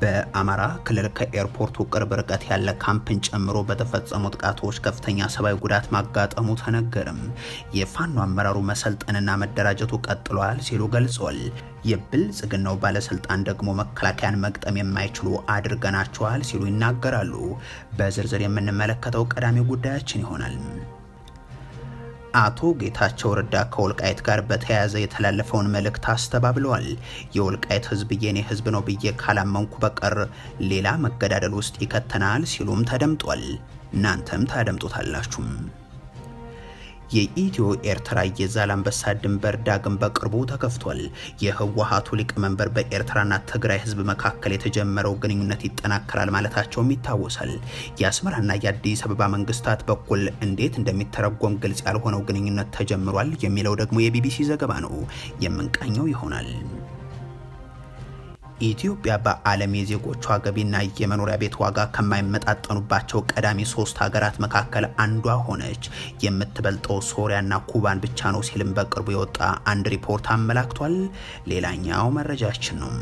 በአማራ ክልል ከኤርፖርቱ ቅርብ ርቀት ያለ ካምፕን ጨምሮ በተፈጸሙ ጥቃቶች ከፍተኛ ሰብአዊ ጉዳት ማጋጠሙ ተነገርም። የፋኖ አመራሩ መሰልጠንና መደራጀቱ ቀጥሏል ሲሉ ገልጿል። የብልጽግናው ባለስልጣን ደግሞ መከላከያን መግጠም የማይችሉ አድርገናቸዋል ሲሉ ይናገራሉ። በዝርዝር የምንመለከተው ቀዳሚ ጉዳያችን ይሆናል። አቶ ጌታቸው ረዳ ከወልቃይት ጋር በተያያዘ የተላለፈውን መልእክት አስተባብለዋል። የወልቃይት ህዝብ የኔ ህዝብ ነው ብዬ ካላመንኩ በቀር ሌላ መገዳደል ውስጥ ይከተናል ሲሉም ተደምጧል። እናንተም ታደምጡታላችሁም። የኢትዮ ኤርትራ የዛላምበሳ ድንበር ዳግም በቅርቡ ተከፍቷል። የህወሓቱ ሊቀመንበር በኤርትራና ትግራይ ህዝብ መካከል የተጀመረው ግንኙነት ይጠናከራል ማለታቸውም ይታወሳል። የአስመራና የአዲስ አበባ መንግስታት በኩል እንዴት እንደሚተረጎም ግልጽ ያልሆነው ግንኙነት ተጀምሯል የሚለው ደግሞ የቢቢሲ ዘገባ ነው። የምንቃኘው ይሆናል። ኢትዮጵያ በዓለም የዜጎቿ ገቢና የመኖሪያ ቤት ዋጋ ከማይመጣጠኑባቸው ቀዳሚ ሶስት ሀገራት መካከል አንዷ ሆነች። የምትበልጠው ሶሪያና ኩባን ብቻ ነው ሲልም በቅርቡ የወጣ አንድ ሪፖርት አመላክቷል። ሌላኛው መረጃችን ነው።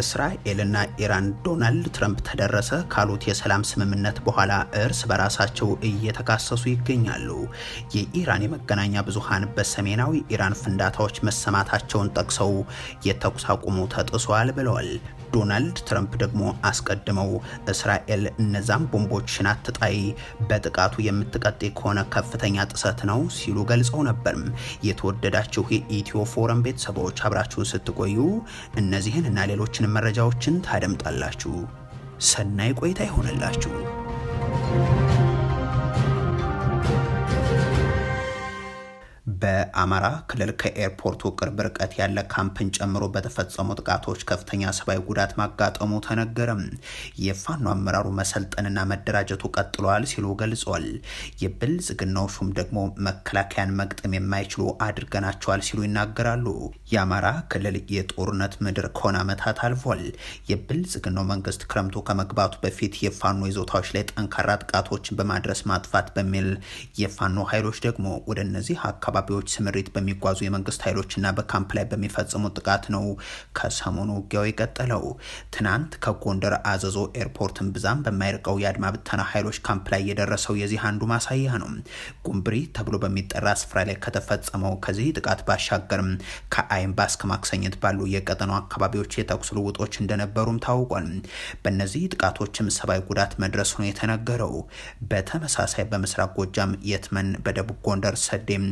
እስራኤልና ኢራን ዶናልድ ትራምፕ ተደረሰ ካሉት የሰላም ስምምነት በኋላ እርስ በራሳቸው እየተካሰሱ ይገኛሉ። የኢራን የመገናኛ ብዙሃን በሰሜናዊ ኢራን ፍንዳታዎች መሰማታቸውን ጠቅሰው የተኩስ አቁሙ ተጥሷል ብለዋል። ዶናልድ ትረምፕ ደግሞ አስቀድመው እስራኤል እነዛም ቦምቦችን አትጣይ፣ በጥቃቱ የምትቀጤ ከሆነ ከፍተኛ ጥሰት ነው ሲሉ ገልጸው ነበርም። የተወደዳችሁ የኢትዮ ፎረም ቤተሰቦች አብራችሁን ስትቆዩ እነዚህን እና ሌሎችንም መረጃዎችን ታደምጣላችሁ። ሰናይ ቆይታ ይሆንላችሁ። በአማራ ክልል ከኤርፖርቱ ቅርብ ርቀት ያለ ካምፕን ጨምሮ በተፈጸሙ ጥቃቶች ከፍተኛ ሰብአዊ ጉዳት ማጋጠሙ ተነገረም። የፋኖ አመራሩ መሰልጠንና መደራጀቱ ቀጥሏል ሲሉ ገልጿል። የብልጽግናው ሹም ደግሞ መከላከያን መግጠም የማይችሉ አድርገናቸዋል ሲሉ ይናገራሉ። የአማራ ክልል የጦርነት ምድር ከሆነ ዓመታት አልፏል። የብልጽግናው መንግስት ክረምቱ ከመግባቱ በፊት የፋኖ ይዞታዎች ላይ ጠንካራ ጥቃቶችን በማድረስ ማጥፋት በሚል የፋኖ ኃይሎች ደግሞ ወደ እነዚህ አካባቢዎች በተዋጊዎች ስምሪት በሚጓዙ የመንግስት ኃይሎችና በካምፕ ላይ በሚፈጽሙ ጥቃት ነው ከሰሞኑ ውጊያው የቀጠለው። ትናንት ከጎንደር አዘዞ ኤርፖርትን ብዛም በማይርቀው የአድማ ብተና ኃይሎች ካምፕ ላይ የደረሰው የዚህ አንዱ ማሳያ ነው። ጉምብሪ ተብሎ በሚጠራ ስፍራ ላይ ከተፈጸመው ከዚህ ጥቃት ባሻገርም ከአይምባ እስከ ማክሰኘት ባሉ የቀጠናው አካባቢዎች የተኩስ ልውጦች እንደነበሩም ታውቋል። በእነዚህ ጥቃቶችም ሰብአዊ ጉዳት መድረስ ነው የተነገረው። በተመሳሳይ በምስራቅ ጎጃም የትመን፣ በደቡብ ጎንደር ሰዴም፣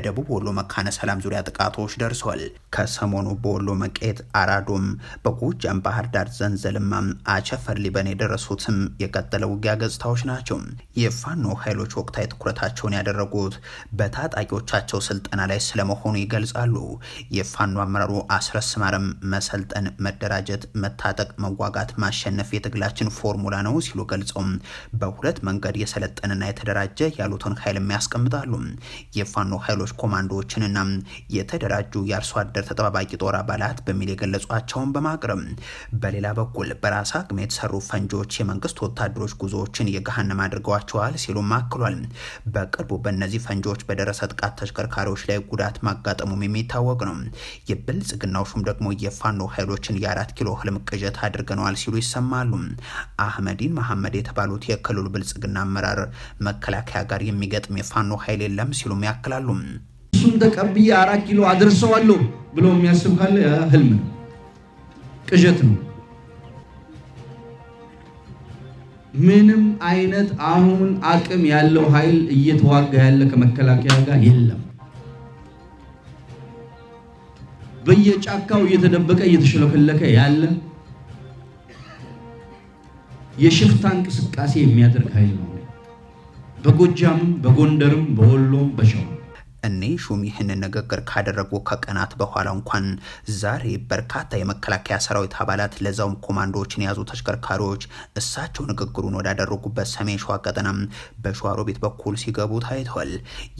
በደቡብ ወሎ መካነ ሰላም ዙሪያ ጥቃቶች ደርሰዋል። ከሰሞኑ በወሎ መቄት፣ አራዶም፣ በጎጃም ባህር ዳር፣ ዘንዘልማ፣ አቸፈር ሊበን የደረሱትም የቀጠለ ውጊያ ገጽታዎች ናቸው። የፋኖ ኃይሎች ወቅታዊ ትኩረታቸውን ያደረጉት በታጣቂዎቻቸው ስልጠና ላይ ስለመሆኑ ይገልጻሉ። የፋኖ አመራሩ አስረስ መሰልጠን፣ መደራጀት፣ መታጠቅ፣ መዋጋት፣ ማሸነፍ የትግላችን ፎርሙላ ነው ሲሉ ገልጸው በሁለት መንገድ የሰለጠንና የተደራጀ ያሉትን ኃይልም ያስቀምጣሉ። የፋኖ ኃይሎች ኃይሎች ኮማንዶዎችንና የተደራጁ የአርሶ አደር ተጠባባቂ ጦር አባላት በሚል የገለጿቸውን በማቅረብ በሌላ በኩል በራስ አቅም የተሰሩ ፈንጂዎች የመንግስት ወታደሮች ጉዞዎችን የገሃነም አድርገዋቸዋል ሲሉም አክሏል። በቅርቡ በእነዚህ ፈንጂዎች በደረሰ ጥቃት ተሽከርካሪዎች ላይ ጉዳት ማጋጠሙም የሚታወቅ ነው። የብልጽግናው ሹም ደግሞ የፋኖ ኃይሎችን የአራት ኪሎ ህልም ቅዠት አድርገነዋል ሲሉ ይሰማሉ። አህመዲን መሐመድ የተባሉት የክልሉ ብልጽግና አመራር መከላከያ ጋር የሚገጥም የፋኖ ኃይል የለም ሲሉም ያክላሉ። እሱን ተቀብዬ አራት ኪሎ አደርሰዋለሁ ብሎ የሚያስብ ካለ ህልም ነው፣ ቅዠት ነው። ምንም አይነት አሁን አቅም ያለው ኃይል እየተዋጋ ያለ ከመከላከያ ጋር የለም። በየጫካው እየተደበቀ እየተሸለከለከ ያለ የሽፍታ እንቅስቃሴ የሚያደርግ ኃይል ነው። በጎጃምም፣ በጎንደርም፣ በወሎም በሸዋ እኔ ሹም ይህንን ንግግር ካደረጉ ከቀናት በኋላ እንኳን ዛሬ በርካታ የመከላከያ ሰራዊት አባላት ለዛውም ኮማንዶዎችን የያዙ ተሽከርካሪዎች እሳቸው ንግግሩን ወዳደረጉበት ሰሜን ሸዋ ቀጠና በሸዋሮቢት በኩል ሲገቡ ታይተዋል።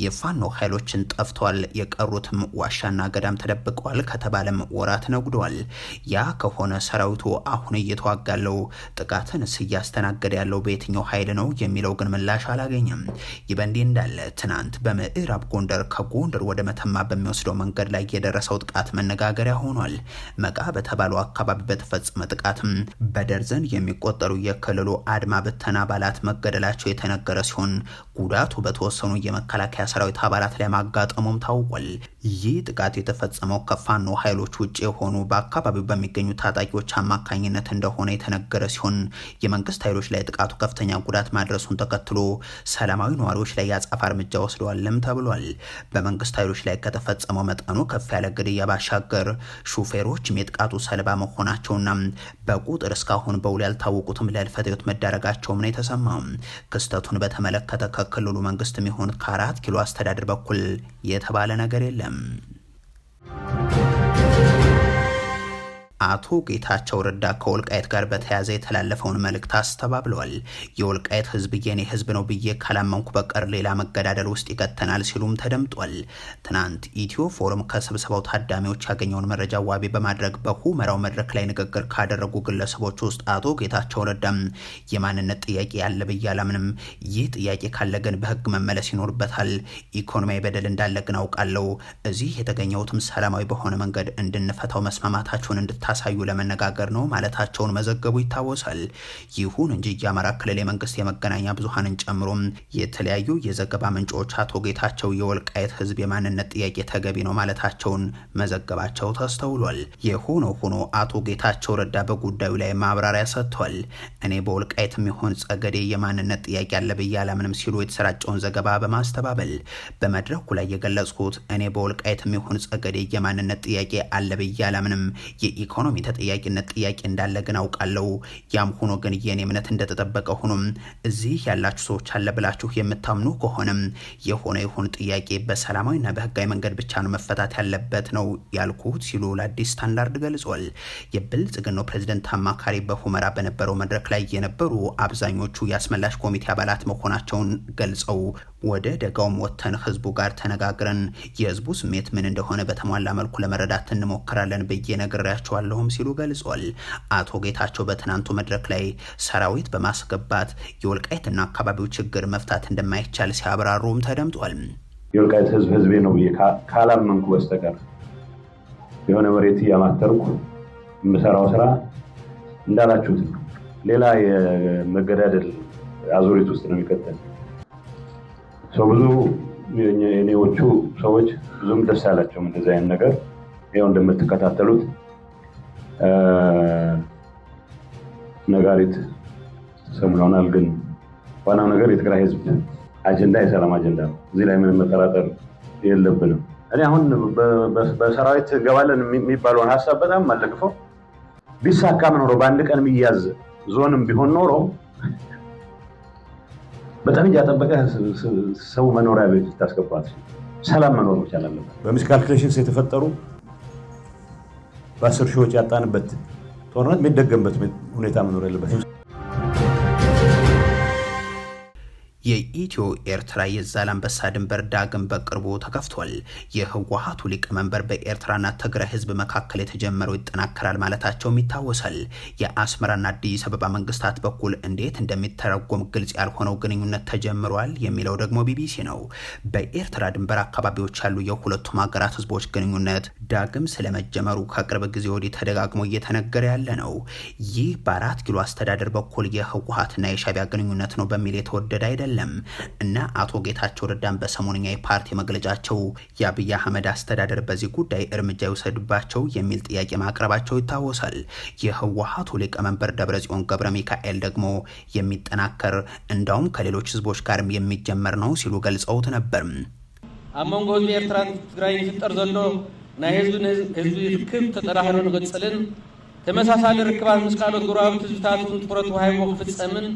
የፋኖ ኃይሎችን ጠፍተዋል የቀሩትም ዋሻና ገዳም ተደብቀዋል ከተባለም ወራት ነጉደዋል። ያ ከሆነ ሰራዊቱ አሁን እየተዋጋለው ጥቃትን ስያስተናገደ ያለው በየትኛው ኃይል ነው የሚለው ግን ምላሽ አላገኘም። ይህ በእንዲህ እንዳለ ትናንት በምዕራብ ጎንደር ከጎንደር ወደ መተማ በሚወስደው መንገድ ላይ የደረሰው ጥቃት መነጋገሪያ ሆኗል። መቃ በተባለው አካባቢ በተፈጸመ ጥቃትም በደርዘን የሚቆጠሩ የክልሉ አድማ ብተና አባላት መገደላቸው የተነገረ ሲሆን ጉዳቱ በተወሰኑ የመከላከያ ሰራዊት አባላት ላይ ማጋጠሙም ታውቋል። ይህ ጥቃት የተፈጸመው ከፋኖ ኃይሎች ውጭ የሆኑ በአካባቢው በሚገኙ ታጣቂዎች አማካኝነት እንደሆነ የተነገረ ሲሆን የመንግስት ኃይሎች ላይ ጥቃቱ ከፍተኛ ጉዳት ማድረሱን ተከትሎ ሰላማዊ ነዋሪዎች ላይ የአጸፋ እርምጃ ወስደዋልም ተብሏል። በመንግስት ኃይሎች ላይ ከተፈጸመው መጠኑ ከፍ ያለ ግድያ ባሻገር ሹፌሮችም የጥቃቱ ሰለባ መሆናቸውና በቁጥር እስካሁን በውል ያልታወቁትም ለህልፈተ ህይወት መዳረጋቸውም ነው የተሰማው። ክስተቱን በተመለከተ ከክልሉ መንግስት የሚሆኑት ከአራት ኪሎ አስተዳደር በኩል የተባለ ነገር የለም። አቶ ጌታቸው ረዳ ከወልቃይት ጋር በተያያዘ የተላለፈውን መልእክት አስተባብለዋል። የወልቃየት ህዝብ የኔ ህዝብ ነው ብዬ ካላመንኩ በቀር ሌላ መገዳደል ውስጥ ይከተናል ሲሉም ተደምጧል። ትናንት ኢትዮ ፎረም ከስብሰባው ታዳሚዎች ያገኘውን መረጃ ዋቢ በማድረግ በሁመራው መድረክ ላይ ንግግር ካደረጉ ግለሰቦች ውስጥ አቶ ጌታቸው ረዳም የማንነት ጥያቄ ያለ ብዬ አላምንም። ይህ ጥያቄ ካለ ግን በህግ መመለስ ይኖርበታል። ኢኮኖሚያዊ በደል እንዳለ ግን አውቃለሁ። እዚህ የተገኘሁትም ሰላማዊ በሆነ መንገድ እንድንፈታው መስማማታቸውን እንድታ እንድታሳዩ ለመነጋገር ነው ማለታቸውን መዘገቡ ይታወሳል። ይሁን እንጂ የአማራ ክልል የመንግስት የመገናኛ ብዙሀንን ጨምሮ የተለያዩ የዘገባ ምንጮች አቶ ጌታቸው የወልቃየት ህዝብ የማንነት ጥያቄ ተገቢ ነው ማለታቸውን መዘገባቸው ተስተውሏል። የሆነ ሆኖ አቶ ጌታቸው ረዳ በጉዳዩ ላይ ማብራሪያ ሰጥቷል። እኔ በወልቃየት የሚሆን ጸገዴ የማንነት ጥያቄ አለ ብዬ አላምንም ሲሉ የተሰራጨውን ዘገባ በማስተባበል በመድረኩ ላይ የገለጽኩት እኔ በወልቃየት የሚሆን ጸገዴ የማንነት ጥያቄ አለ ብዬ አላምንም የኢኮ የኢኮኖሚ ተጠያቂነት ጥያቄ እንዳለ ግን አውቃለሁ። ያም ሆኖ ግን የኔ እምነት እንደተጠበቀ ሆኖም እዚህ ያላችሁ ሰዎች አለ ብላችሁ የምታምኑ ከሆነም የሆነ የሆኑ ጥያቄ በሰላማዊና በህጋዊ መንገድ ብቻ ነው መፈታት ያለበት ነው ያልኩት ሲሉ ለአዲስ ስታንዳርድ ገልጿል። የብልጽግናው ፕሬዚደንት አማካሪ በሁመራ በነበረው መድረክ ላይ የነበሩ አብዛኞቹ የአስመላሽ ኮሚቴ አባላት መሆናቸውን ገልጸው ወደ ደጋውም ወጥተን ህዝቡ ጋር ተነጋግረን የህዝቡ ስሜት ምን እንደሆነ በተሟላ መልኩ ለመረዳት እንሞክራለን ብዬ ነግሬያቸዋለሁ አለሁም ሲሉ ገልጿል። አቶ ጌታቸው በትናንቱ መድረክ ላይ ሰራዊት በማስገባት የወልቃይትና አካባቢው ችግር መፍታት እንደማይቻል ሲያብራሩም ተደምጧል። የወልቃይት ህዝብ ህዝቤ ነው ብዬ ካላመንኩ በስተቀር የሆነ መሬት እያማተርኩ የምሰራው ስራ እንዳላችሁት ሌላ የመገዳደል አዙሪት ውስጥ ነው የሚከተል ሰው ብዙ የኔዎቹ ሰዎች ብዙም ደስ አላቸውም እንደዚህ አይነት ነገር ይኸው እንደምትከታተሉት ነጋሪት ሰምለውናል። ግን ዋናው ነገር የትግራይ ህዝብ አጀንዳ የሰላም አጀንዳ ነው። እዚህ ላይ ምንም መጠራጠር የለብንም። እኔ አሁን በሰራዊት ገባለን የሚባለውን ሀሳብ በጣም አለግፈው ቢሳካም ኖሮ በአንድ ቀን የሚያዝ ዞንም ቢሆን ኖሮ በጣም እያጠበቀ ሰው መኖሪያ ቤት ልታስገባት ሰላም መኖር መቻል አለበት። በሚስካልኩሌሽንስ የተፈጠሩ በአስር ሺዎች ያጣንበት ጦርነት የሚደገምበት ሁኔታ መኖር የለበትም። የኢትዮ ኤርትራ የዛላንበሳ ድንበር ዳግም በቅርቡ ተከፍቷል። የህወሀቱ ሊቀመንበር በኤርትራና ትግራይ ህዝብ መካከል የተጀመረው ይጠናከራል ማለታቸውም ይታወሳል። የአስመራና አዲስ አበባ መንግስታት በኩል እንዴት እንደሚተረጎም ግልጽ ያልሆነው ግንኙነት ተጀምሯል የሚለው ደግሞ ቢቢሲ ነው። በኤርትራ ድንበር አካባቢዎች ያሉ የሁለቱም ሀገራት ህዝቦች ግንኙነት ዳግም ስለመጀመሩ ከቅርብ ጊዜ ወዲህ ተደጋግሞ እየተነገረ ያለ ነው። ይህ በአራት ኪሎ አስተዳደር በኩል የህወሀትና የሻቢያ ግንኙነት ነው በሚል የተወደደ አይደለም። አይደለም። እና አቶ ጌታቸው ረዳን በሰሞንኛ የፓርቲ መግለጫቸው የአብይ አህመድ አስተዳደር በዚህ ጉዳይ እርምጃ ይውሰድባቸው የሚል ጥያቄ ማቅረባቸው ይታወሳል። የህወሀቱ ሊቀመንበር ደብረጽዮን ገብረ ሚካኤል ደግሞ የሚጠናከር እንዳውም ከሌሎች ህዝቦች ጋርም የሚጀመር ነው ሲሉ ገልጸውት ነበር። አመንጎ ህዝቢ ኤርትራን ትግራይ ይፍጠር ዘሎ ናይ ህዝብን ህዝቢ ርክብ ተጠራህሮ ንቅፅልን ተመሳሳሊ ርክባት ምስ ካልኦት ጉራዊት ህዝብታት ትኩረት ወሃይቦ ክፍፀምን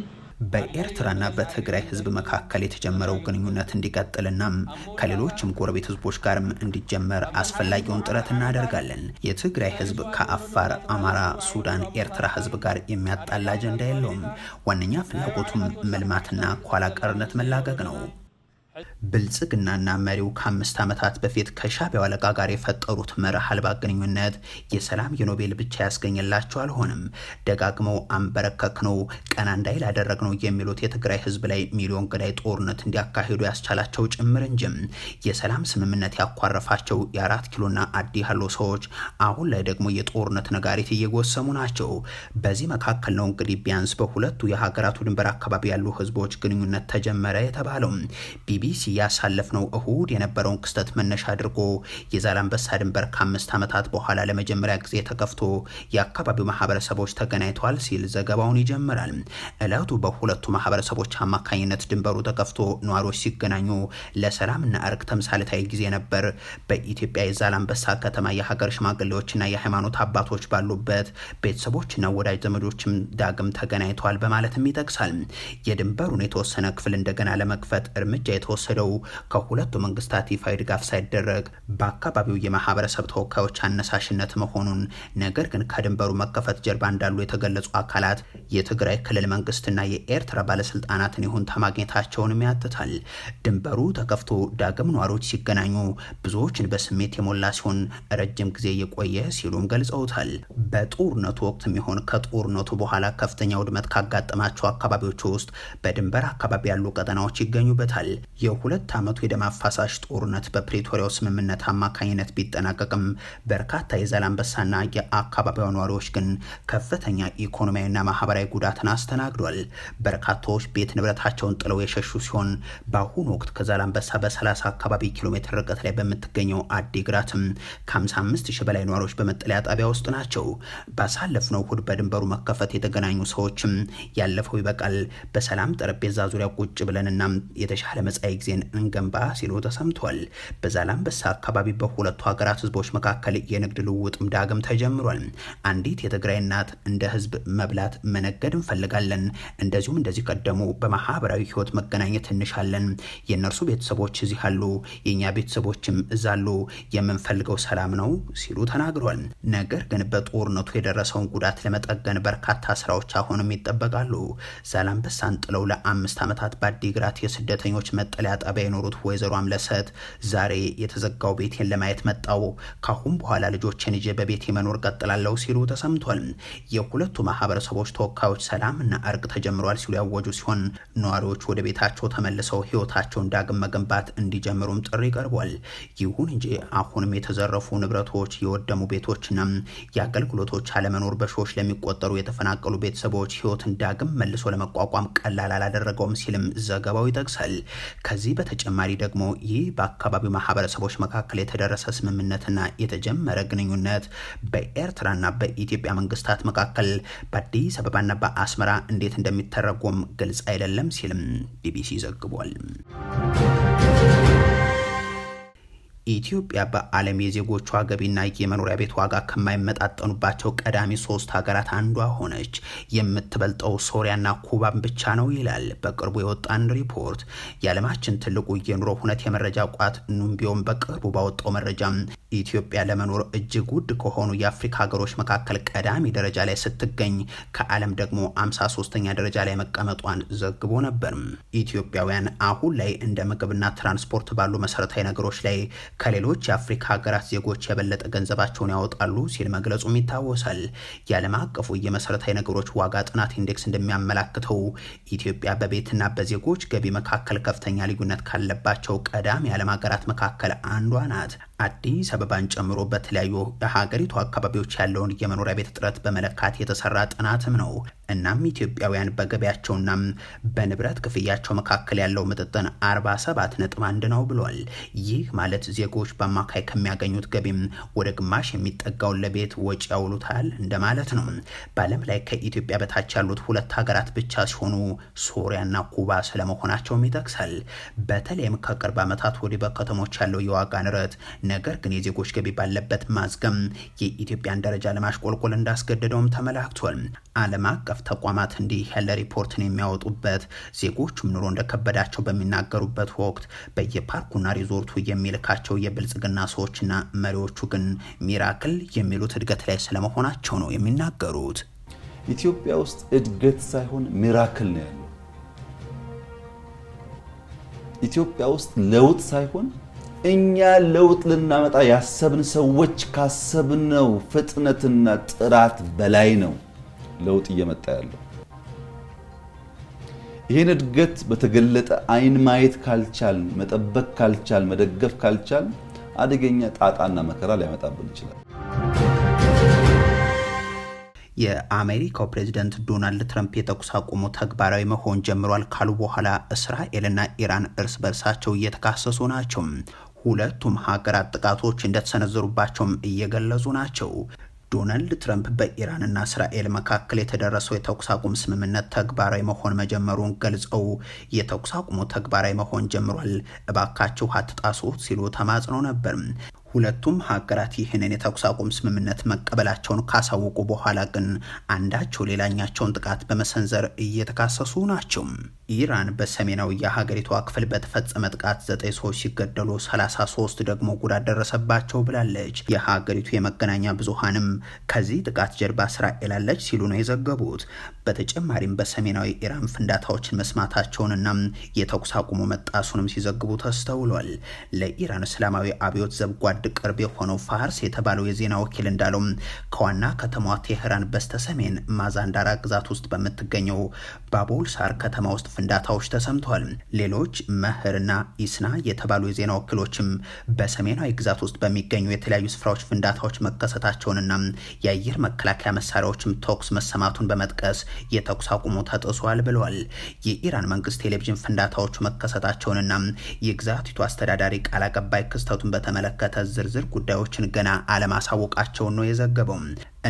በኤርትራና በትግራይ ህዝብ መካከል የተጀመረው ግንኙነት እንዲቀጥልና ከሌሎችም ጎረቤት ህዝቦች ጋርም እንዲጀመር አስፈላጊውን ጥረት እናደርጋለን። የትግራይ ህዝብ ከአፋር፣ አማራ፣ ሱዳን፣ ኤርትራ ህዝብ ጋር የሚያጣላ አጀንዳ የለውም። ዋነኛ ፍላጎቱም መልማትና ኋላ መላገግ መላቀቅ ነው። ብልጽግናና መሪው ከአምስት ዓመታት በፊት ከሻቢያው አለቃ ጋር የፈጠሩት መርህ አልባ ግንኙነት የሰላም የኖቤል ብቻ ያስገኝላቸው አልሆንም። ደጋግመው አንበረከክ ነው ቀና እንዳይል አደረግ ነው የሚሉት የትግራይ ህዝብ ላይ ሚሊዮን ገዳይ ጦርነት እንዲያካሂዱ ያስቻላቸው ጭምር እንጂ የሰላም ስምምነት ያኳረፋቸው የአራት ኪሎና አዲ ያሉ ሰዎች አሁን ላይ ደግሞ የጦርነት ነጋሪት እየጎሰሙ ናቸው። በዚህ መካከል ነው እንግዲህ ቢያንስ በሁለቱ የሀገራቱ ድንበር አካባቢ ያሉ ህዝቦች ግንኙነት ተጀመረ የተባለው። ቢቢሲ ያሳለፍነው እሁድ የነበረውን ክስተት መነሻ አድርጎ የዛላንበሳ ድንበር ከአምስት ዓመታት በኋላ ለመጀመሪያ ጊዜ ተከፍቶ የአካባቢው ማህበረሰቦች ተገናኝተዋል ሲል ዘገባውን ይጀምራል። እለቱ በሁለቱ ማህበረሰቦች አማካኝነት ድንበሩ ተከፍቶ ነዋሪዎች ሲገናኙ ለሰላምና እርቅ ተምሳሌታዊ ጊዜ ነበር። በኢትዮጵያ የዛላንበሳ ከተማ የሀገር ሽማግሌዎችና የሃይማኖት አባቶች ባሉበት ቤተሰቦችና ወዳጅ ዘመዶችም ዳግም ተገናኝተዋል በማለትም ይጠቅሳል። የድንበሩን የተወሰነ ክፍል እንደገና ለመክፈት እርምጃ የተወ የተወሰደው ከሁለቱ መንግስታት ይፋዊ ድጋፍ ሳይደረግ በአካባቢው የማህበረሰብ ተወካዮች አነሳሽነት መሆኑን፣ ነገር ግን ከድንበሩ መከፈት ጀርባ እንዳሉ የተገለጹ አካላት የትግራይ ክልል መንግስትና የኤርትራ ባለስልጣናትን ይሁንታ ማግኘታቸውንም ያትታል። ድንበሩ ተከፍቶ ዳግም ነዋሪዎች ሲገናኙ ብዙዎችን በስሜት የሞላ ሲሆን ረጅም ጊዜ የቆየ ሲሉም ገልጸውታል። በጦርነቱ ወቅት የሚሆን ከጦርነቱ በኋላ ከፍተኛ ውድመት ካጋጠማቸው አካባቢዎች ውስጥ በድንበር አካባቢ ያሉ ቀጠናዎች ይገኙበታል። የሁለት ዓመቱ የደም አፋሳሽ ጦርነት በፕሪቶሪያው ስምምነት አማካኝነት ቢጠናቀቅም በርካታ የዛላንበሳና የአካባቢዋ ነዋሪዎች ግን ከፍተኛ ኢኮኖሚያዊና ማህበራዊ ጉዳትን አስተናግዷል። በርካታዎች ቤት ንብረታቸውን ጥለው የሸሹ ሲሆን በአሁኑ ወቅት ከዛላንበሳ በ30 አካባቢ ኪሎ ሜትር ርቀት ላይ በምትገኘው አዲግራትም ከ55 ሺህ በላይ ነዋሪዎች በመጠለያ ጣቢያ ውስጥ ናቸው። ባሳለፍነው እሁድ በድንበሩ መከፈት የተገናኙ ሰዎችም ያለፈው ይበቃል፣ በሰላም ጠረጴዛ ዙሪያ ቁጭ ብለንና የተሻለ መጻኢ ቀጣይ ጊዜን እንገንባ ሲሉ ተሰምቷል። በዛላምበሳ አካባቢ በሁለቱ ሀገራት ህዝቦች መካከል የንግድ ልውውጥም ዳግም ተጀምሯል። አንዲት የትግራይ እናት እንደ ህዝብ መብላት መነገድ እንፈልጋለን፣ እንደዚሁም እንደዚህ ቀደሙ በማህበራዊ ህይወት መገናኘት እንሻለን። የእነርሱ ቤተሰቦች እዚህ አሉ፣ የእኛ ቤተሰቦችም እዛሉ። የምንፈልገው ሰላም ነው ሲሉ ተናግሯል። ነገር ግን በጦርነቱ የደረሰውን ጉዳት ለመጠገን በርካታ ስራዎች አሁንም ይጠበቃሉ። ዛላምበሳን ጥለው ለአምስት ዓመታት በአዲግራት የስደተኞች መጠለ መጠለያ ጣቢያ የኖሩት ወይዘሮ አምለሰት ዛሬ የተዘጋው ቤቴን ለማየት መጣው፣ ካሁን በኋላ ልጆችን ይዤ በቤቴ መኖር ቀጥላለሁ ሲሉ ተሰምቷል። የሁለቱ ማህበረሰቦች ተወካዮች ሰላምና እርቅ ተጀምሯል ሲሉ ያወጁ ሲሆን ነዋሪዎች ወደ ቤታቸው ተመልሰው ህይወታቸውን ዳግም መገንባት እንዲጀምሩም ጥሪ ቀርቧል። ይሁን እንጂ አሁንም የተዘረፉ ንብረቶች፣ የወደሙ ቤቶችና የአገልግሎቶች አለመኖር በሺዎች ለሚቆጠሩ የተፈናቀሉ ቤተሰቦች ህይወትን ዳግም መልሶ ለመቋቋም ቀላል አላደረገውም ሲልም ዘገባው ይጠቅሳል። ከዚህ በተጨማሪ ደግሞ ይህ በአካባቢው ማህበረሰቦች መካከል የተደረሰ ስምምነትና የተጀመረ ግንኙነት በኤርትራና በኢትዮጵያ መንግስታት መካከል በአዲስ አበባና በአስመራ እንዴት እንደሚተረጎም ግልጽ አይደለም ሲልም ቢቢሲ ዘግቧል። ኢትዮጵያ በዓለም የዜጎቿ ገቢና የመኖሪያ ቤት ዋጋ ከማይመጣጠኑባቸው ቀዳሚ ሶስት ሀገራት አንዷ ሆነች። የምትበልጠው ሶሪያና ኩባን ብቻ ነው ይላል በቅርቡ የወጣን ሪፖርት። የዓለማችን ትልቁ የኑሮ ሁነት የመረጃ ቋት ኑምቢዮን በቅርቡ ባወጣው መረጃ ኢትዮጵያ ለመኖር እጅግ ውድ ከሆኑ የአፍሪካ ሀገሮች መካከል ቀዳሚ ደረጃ ላይ ስትገኝ ከዓለም ደግሞ 53ኛ ደረጃ ላይ መቀመጧን ዘግቦ ነበር። ኢትዮጵያውያን አሁን ላይ እንደ ምግብና ትራንስፖርት ባሉ መሰረታዊ ነገሮች ላይ ከሌሎች የአፍሪካ ሀገራት ዜጎች የበለጠ ገንዘባቸውን ያወጣሉ ሲል መግለጹም ይታወሳል። የዓለም አቀፉ የመሰረታዊ ነገሮች ዋጋ ጥናት ኢንዴክስ እንደሚያመላክተው ኢትዮጵያ በቤትና በዜጎች ገቢ መካከል ከፍተኛ ልዩነት ካለባቸው ቀዳሚ የዓለም ሀገራት መካከል አንዷ ናት። አዲስ አበባን ጨምሮ በተለያዩ የሀገሪቱ አካባቢዎች ያለውን የመኖሪያ ቤት እጥረት በመለካት የተሰራ ጥናትም ነው። እናም ኢትዮጵያውያን በገበያቸውና በንብረት ክፍያቸው መካከል ያለው ምጥጥን 47 ነጥብ አንድ ነው ብሏል። ይህ ማለት ዜጎች በአማካይ ከሚያገኙት ገቢም ወደ ግማሽ የሚጠጋውን ለቤት ወጪ ያውሉታል እንደማለት ነው። በዓለም ላይ ከኢትዮጵያ በታች ያሉት ሁለት ሀገራት ብቻ ሲሆኑ ሶሪያና ኩባ ስለመሆናቸውም ይጠቅሳል። በተለይም ከቅርብ ዓመታት ወዲህ በከተሞች ያለው የዋጋ ንረት ነገር ግን የዜጎች ገቢ ባለበት ማዝገም የኢትዮጵያን ደረጃ ለማሽቆልቆል እንዳስገደደውም ተመላክቷል። ዓለም አቀፍ ተቋማት እንዲህ ያለ ሪፖርትን የሚያወጡበት ዜጎቹም ኑሮ እንደከበዳቸው በሚናገሩበት ወቅት በየፓርኩና ሪዞርቱ የሚልካቸው የብልጽግና ሰዎችና መሪዎቹ ግን ሚራክል የሚሉት እድገት ላይ ስለመሆናቸው ነው የሚናገሩት። ኢትዮጵያ ውስጥ እድገት ሳይሆን ሚራክል ነው ያለው። ኢትዮጵያ ውስጥ ለውጥ ሳይሆን እኛ ለውጥ ልናመጣ ያሰብን ሰዎች ካሰብነው ፍጥነትና ጥራት በላይ ነው ለውጥ እየመጣ ያለው። ይህን እድገት በተገለጠ አይን ማየት ካልቻል፣ መጠበቅ ካልቻል፣ መደገፍ ካልቻል አደገኛ ጣጣና መከራ ሊያመጣብን ይችላል። የአሜሪካው ፕሬዝደንት ዶናልድ ትራምፕ የተኩስ አቁሙ ተግባራዊ መሆን ጀምሯል ካሉ በኋላ እስራኤልና ኢራን እርስ በርሳቸው እየተካሰሱ ናቸው። ሁለቱም ሀገራት ጥቃቶች እንደተሰነዘሩባቸውም እየገለጹ ናቸው። ዶናልድ ትራምፕ በኢራንና እስራኤል መካከል የተደረሰው የተኩስ አቁም ስምምነት ተግባራዊ መሆን መጀመሩን ገልጸው የተኩስ አቁሙ ተግባራዊ መሆን ጀምሯል፣ እባካችሁ አትጣሱ ሲሉ ተማጽኖ ነበር። ሁለቱም ሀገራት ይህንን የተኩስ አቁም ስምምነት መቀበላቸውን ካሳወቁ በኋላ ግን አንዳቸው ሌላኛቸውን ጥቃት በመሰንዘር እየተካሰሱ ናቸው። ኢራን በሰሜናዊ የሀገሪቷ ክፍል በተፈጸመ ጥቃት ዘጠኝ ሰዎች ሲገደሉ 33 ደግሞ ጉዳት ደረሰባቸው ብላለች። የሀገሪቱ የመገናኛ ብዙሃንም ከዚህ ጥቃት ጀርባ እስራኤል አለች ሲሉ ነው የዘገቡት። በተጨማሪም በሰሜናዊ ኢራን ፍንዳታዎችን መስማታቸውንና የተኩስ አቁሙ መጣሱንም ሲዘግቡ ተስተውሏል። ለኢራን እስላማዊ አብዮት ዘብጓድ ሪያድ ቅርብ የሆነው ፋርስ የተባለው የዜና ወኪል እንዳለው ከዋና ከተማዋ ቴህራን በስተሰሜን ማዛንዳራ ግዛት ውስጥ በምትገኘው ባቡል ሳር ከተማ ውስጥ ፍንዳታዎች ተሰምተዋል። ሌሎች መህርና ኢስና የተባሉ የዜና ወኪሎችም በሰሜናዊ ግዛት ውስጥ በሚገኙ የተለያዩ ስፍራዎች ፍንዳታዎች መከሰታቸውንና የአየር መከላከያ መሳሪያዎችም ተኩስ መሰማቱን በመጥቀስ የተኩስ አቁሙ ተጥሷል ብለዋል። የኢራን መንግስት ቴሌቪዥን ፍንዳታዎቹ መከሰታቸውንና የግዛቲቱ አስተዳዳሪ ቃል አቀባይ ክስተቱን በተመለከተ ዝርዝር ጉዳዮችን ገና አለማሳወቃቸውን ነው የዘገበው።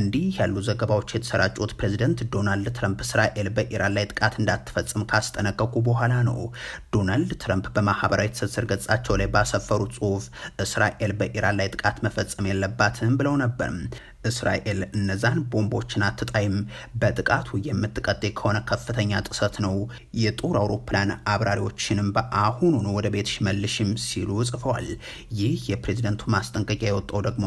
እንዲህ ያሉ ዘገባዎች የተሰራጩት ፕሬዚደንት ዶናልድ ትረምፕ እስራኤል በኢራን ላይ ጥቃት እንዳትፈጽም ካስጠነቀቁ በኋላ ነው። ዶናልድ ትረምፕ በማህበራዊ ትስስር ገጻቸው ላይ ባሰፈሩት ጽሁፍ እስራኤል በኢራን ላይ ጥቃት መፈጸም የለባትም ብለው ነበር። እስራኤል እነዛን ቦምቦችን አትጣይም፣ በጥቃቱ የምትቀጤ ከሆነ ከፍተኛ ጥሰት ነው፣ የጦር አውሮፕላን አብራሪዎችንም በአሁኑኑ ወደ ቤትሽ መልሽም ሲሉ ጽፈዋል። ይህ የፕሬዚደንቱ ማስጠንቀቂያ የወጣው ደግሞ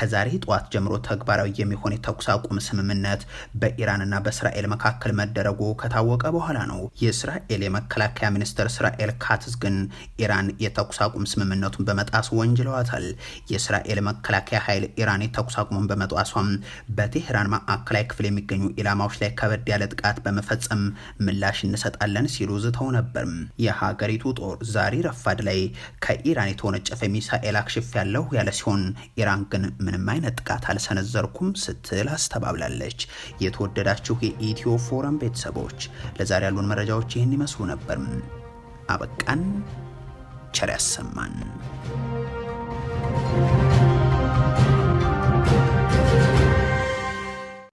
ከዛሬ ጠዋት ጀምሮ ተግባራዊ የሚሆ የሚሆን የተኩስ አቁም ስምምነት በኢራንና በእስራኤል መካከል መደረጉ ከታወቀ በኋላ ነው። የእስራኤል የመከላከያ ሚኒስትር እስራኤል ካትዝ ግን ኢራን የተኩስ አቁም ስምምነቱን በመጣስ ወንጅለዋታል። የእስራኤል መከላከያ ኃይል ኢራን የተኩስ አቁሙን በመጣሷም በቴህራን ማዕከላዊ ክፍል የሚገኙ ኢላማዎች ላይ ከበድ ያለ ጥቃት በመፈጸም ምላሽ እንሰጣለን ሲሉ ዝተው ነበር። የሀገሪቱ ጦር ዛሬ ረፋድ ላይ ከኢራን የተወነጨፈ ሚሳኤል አክሽፍ ያለው ያለ ሲሆን ኢራን ግን ምንም አይነት ጥቃት አልሰነዘርኩም ስትል አስተባብላለች። የተወደዳችሁ የኢትዮ ፎረም ቤተሰቦች ለዛሬ ያሉን መረጃዎች ይህን ይመስሉ ነበር። አበቃን። ቸር ያሰማን።